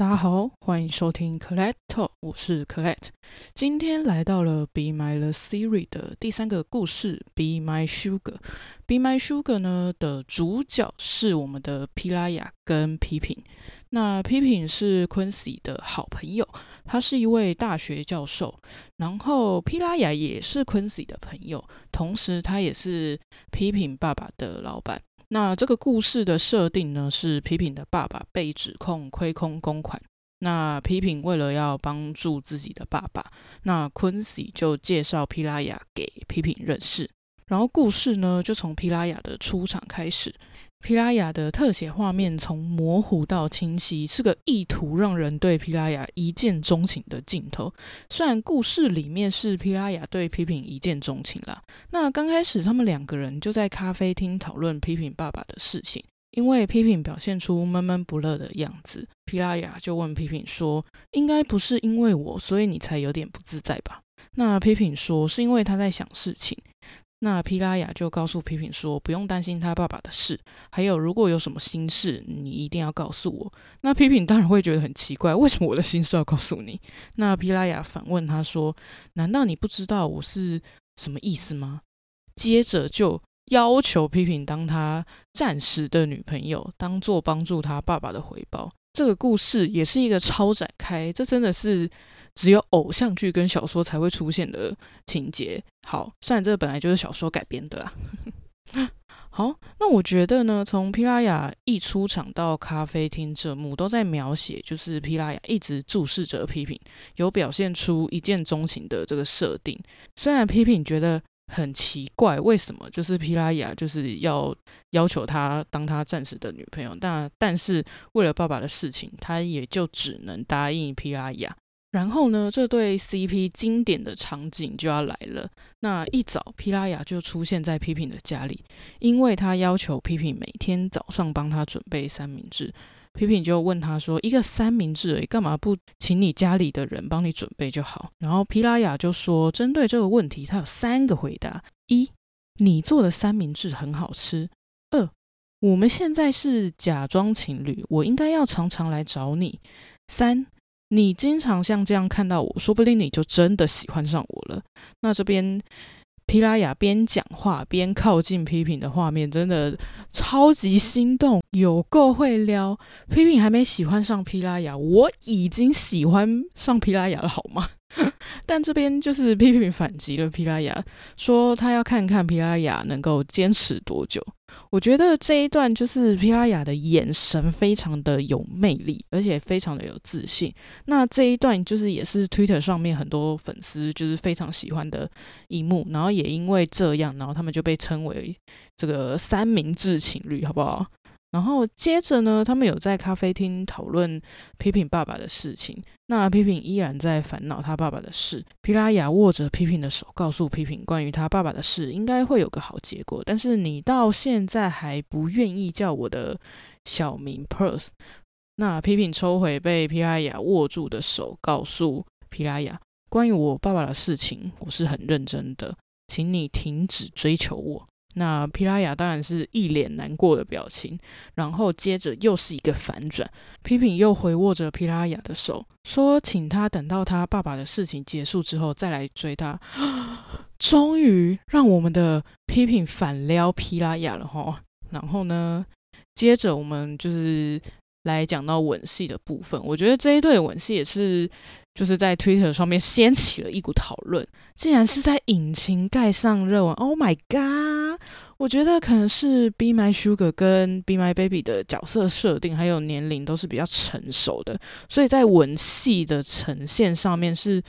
大家好，歡迎收聽 Colette Talk，我是 Colette。今天來到了 Be Mine The Series 的第三個故事 Be My Sugar。Be My Sugar 呢的主角是我們的 Peeraya 跟 Pipim。那 Pipim 是 Quincy 的好朋友，他是一位大學教授。然後 Peeraya 也是 Quincy 的朋友，同時他也是 Pipim 爸爸的老闆。那這個故事的設定呢，是 Pipim 的爸爸被指控虧空公款。那 Pipim 為了要幫助自己的爸爸，那 Quincy 就介紹皮拉雅給 Pipim 認識，然後故事呢就從皮拉雅的出場開始。皮拉雅的特寫畫面從模糊到清晰，是個意圖讓人對皮拉雅一見鍾情的鏡頭。雖然故事裡面是皮拉雅對 Pipim 一見鍾情啦，那剛開始他們兩個人就在咖啡廳討論 Pipim 爸爸的事情，因為 Pipim 表現出悶悶不樂的樣子，皮拉雅就問 Pipim 說：“應該不是因為我，所以你才有點不自在吧？”那 Pipim 說：“是因為他在想事情。”那皮拉雅就告訴 Pipim 說：“不用擔心他爸爸的事，還有如果有什麼心事，你一定要告訴我。”那 Pipim 當然會覺得很奇怪，為什麼我的心事要告訴你？那皮拉雅反問他說：“難道你不知道我是什麼意思嗎？”接着就要求 Pipim 當他暫時的女朋友，當做幫助他爸爸的回報。這個故事也是一個超展開，這真的是只有偶像劇跟小說才會出現的情節，好，雖然這個本來就是小說改編的啦 好，那我覺得呢，從皮拉雅一出場到咖啡廳這幕，都在描寫就是皮拉雅一直注視着批評，有表現出一見鍾情的這個設定。雖然批評覺得很奇怪，為什麼就是皮拉雅就是要要求他當他暫時的女朋友，但但是為了爸爸的事情，他也就只能答應皮拉雅。然後呢，這對 CP 經典的場景就要來了。那一早，皮拉雅就出現在皮皮的家裡，因為她要求皮皮每天早上幫她準備三明治。皮皮就問她說：“一個三明治而已，幹嘛不請你家裡的人幫你準備就好？”然後皮拉雅就說：“針對這個問題，她有三個回答：一，你做的三明治很好吃；二，我們現在是假裝情侶，我應該要常常來找你；三。”你經常像這樣看到我，說不定你就真的喜歡上我了。那這邊皮拉雅邊講話邊靠近 Pipim 的畫面，真的超級心動，有夠會撩。Pipim 還沒喜歡上皮拉雅，我已經喜歡上皮拉雅了，好嗎？ 但這邊就是 Pipim 反擊了，皮拉雅說他要看看皮拉雅能夠堅持多久。我覺得這一段就是皮拉雅的眼神非常的有魅力，而且非常的有自信。那這一段就是也是 Twitter 上面很多粉絲就是非常喜歡的一幕，然後也因為這樣，然後他們就被稱為這個三明治情侶，好不好？然後接着呢，他們有在咖啡廳討論 Pipim 爸爸的事情。那 Pipim 依然在煩惱他爸爸的事。皮拉雅握着 Pipim 的手，告訴 Pipim 關於他爸爸的事應該會有個好結果。但是你到現在還不願意叫我的小名 Perth。那 Pipim 抽回被皮拉雅握住的手，告訴皮拉雅關於我爸爸的事情，我是很認真的，請你停止追求我。那皮拉雅當然是一臉難過的表情，然後接着又是一個反轉，批評又回握着皮拉雅的手，說請他等到他爸爸的事情結束之後再來追他。終於讓我們的批評反撩皮拉雅了吼。然後呢，接着我們就是來講到吻戲的部分，我覺得這一對吻戲也是就是在 Twitter 上面掀起了一股討論，竟然是在引擎蓋上熱吻。Oh my god！我覺得可能是《Be My Sugar》跟《Be My Baby》的角色設定還有年齡都是比較成熟的，所以在吻戲的呈現上面是，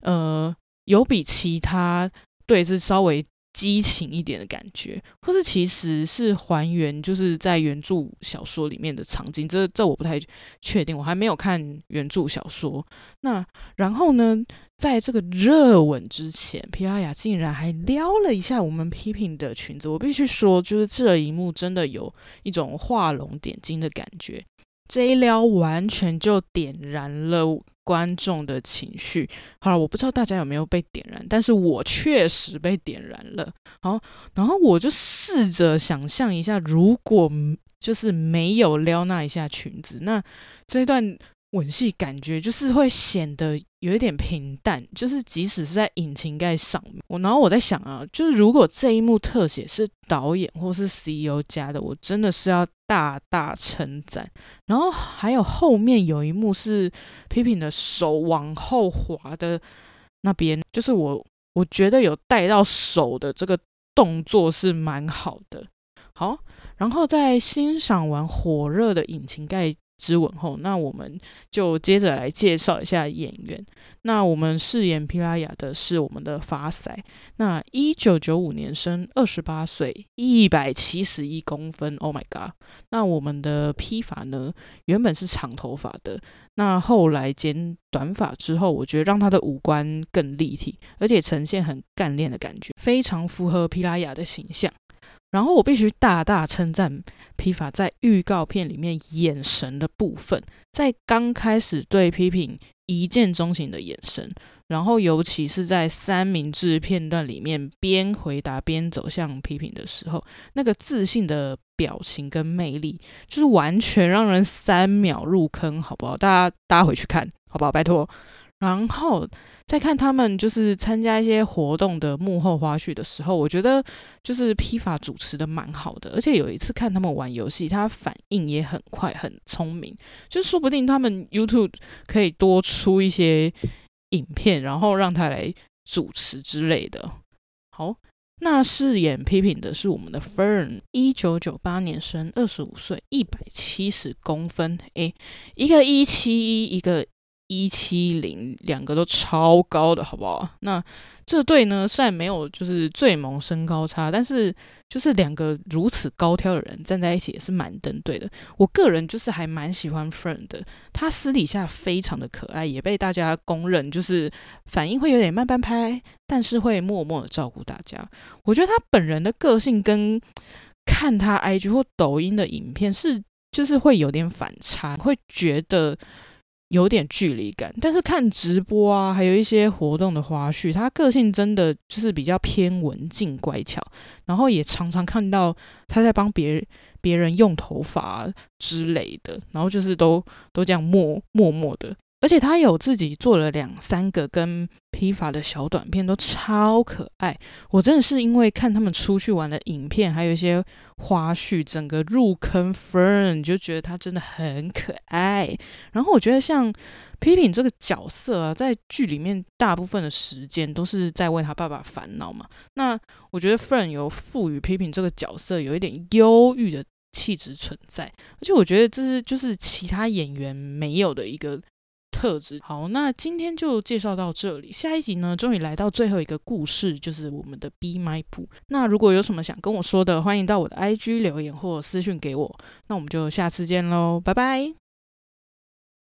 呃，有比其他對是稍微激情一點的感覺，或是其實是還原就是在原著小說裡面的場景，這這我不太確定，我還沒有看原著小說。那然後呢，在這個熱吻之前，皮拉雅竟然還撩了一下我們 Pipim 的裙子。我必須說，就是這一幕真的有一種畫龍點睛的感覺，這一撩完全就點燃了。觀眾的情緒，好了，我不知道大家有沒有被點燃，但是我確實被點燃了。好，然後我就試着想象一下，如果就是沒有撩那一下裙子，那這一段。吻戲感覺就是會顯得有一點平淡，就是即使是在引擎蓋上面，我，然後我在想啊，就是如果這一幕特寫是導演或是 CEO 加的，我真的是要大大稱讚。然後還有後面有一幕是 Pipim 的手往後滑的那邊，就是我，我覺得有帶到手的這個動作是蠻好的。好，然後再欣賞完火熱的引擎蓋，之吻後，那我們就接着來介紹一下演員。那我們飾演皮拉雅的是我們的法賽。那一九九五年生，二十八歲，一百七十一公分。Oh my god！那我們的披髮呢？原本是長頭髮的，那後來剪短髮之後，我覺得讓他的五官更立體，而且呈現很幹練的感覺，非常符合皮拉雅的形象。然後我必須大大稱讚皮法在預告片裡面眼神的部分，在剛開始對 Pipim 一見鍾情的眼神，然後尤其是在三明治片段裡面邊回答邊走向 Pipim 的時候，那個自信的表情跟魅力，就是完全讓人三秒入坑，好不好？大家大家回去看好不好？拜託。然後再看他們就是參加一些活動的幕後花絮的時候，我覺得就是批發主持的蠻好的，而且有一次看他們玩遊戲，他反應也很快，很聰明，就說不定他們 YouTube 可以多出一些影片，然後讓他來主持之類的。好，那飾演 Pipim 的是我們的 Fern，一九九八年生，二十五歲，一百七十公分，誒，一個一七一，一個。一七零，兩個都超高的，好不好？那這對呢？雖然沒有就是最萌身高差，但是就是兩個如此高挑的人站在一起也是蠻登對的。我個人就是還蠻喜歡 Fern 的，他私底下非常的可愛，也被大家公認就是反應會有點慢半拍，但是會默默的照顧大家。我覺得他本人的個性跟看他 IG 或抖音的影片是就是會有點反差，會覺得。有點距離感，但是看直播啊，還有一些活動的花絮，他個性真的就是比較偏文靜乖巧，然後也常常看到他在幫別別人用頭髮之類的，然後就是都都這樣默默默的。而且他有自己做了兩三個跟披髮的小短片，都超可愛。我真的是因為看他們出去玩的影片，還有一些花絮，整個入坑 Fern，就覺得他真的很可愛。然後我覺得像 Pipim 這個角色啊，在劇裡面大部分的時間都是在為他爸爸煩惱嘛。那我覺得 Fern 有賦予 Pipim 這個角色有一點憂鬱的氣質存在，而且我覺得這是就是其他演員沒有的一個特質，好，那今天就介紹到這裡。下一集呢，終於來到最後一個故事，就是我們的《Be My Boy》。那如果有什麼想跟我說的，歡迎到我的 IG 留言或私訊給我。那我們就下次見嘍，拜拜。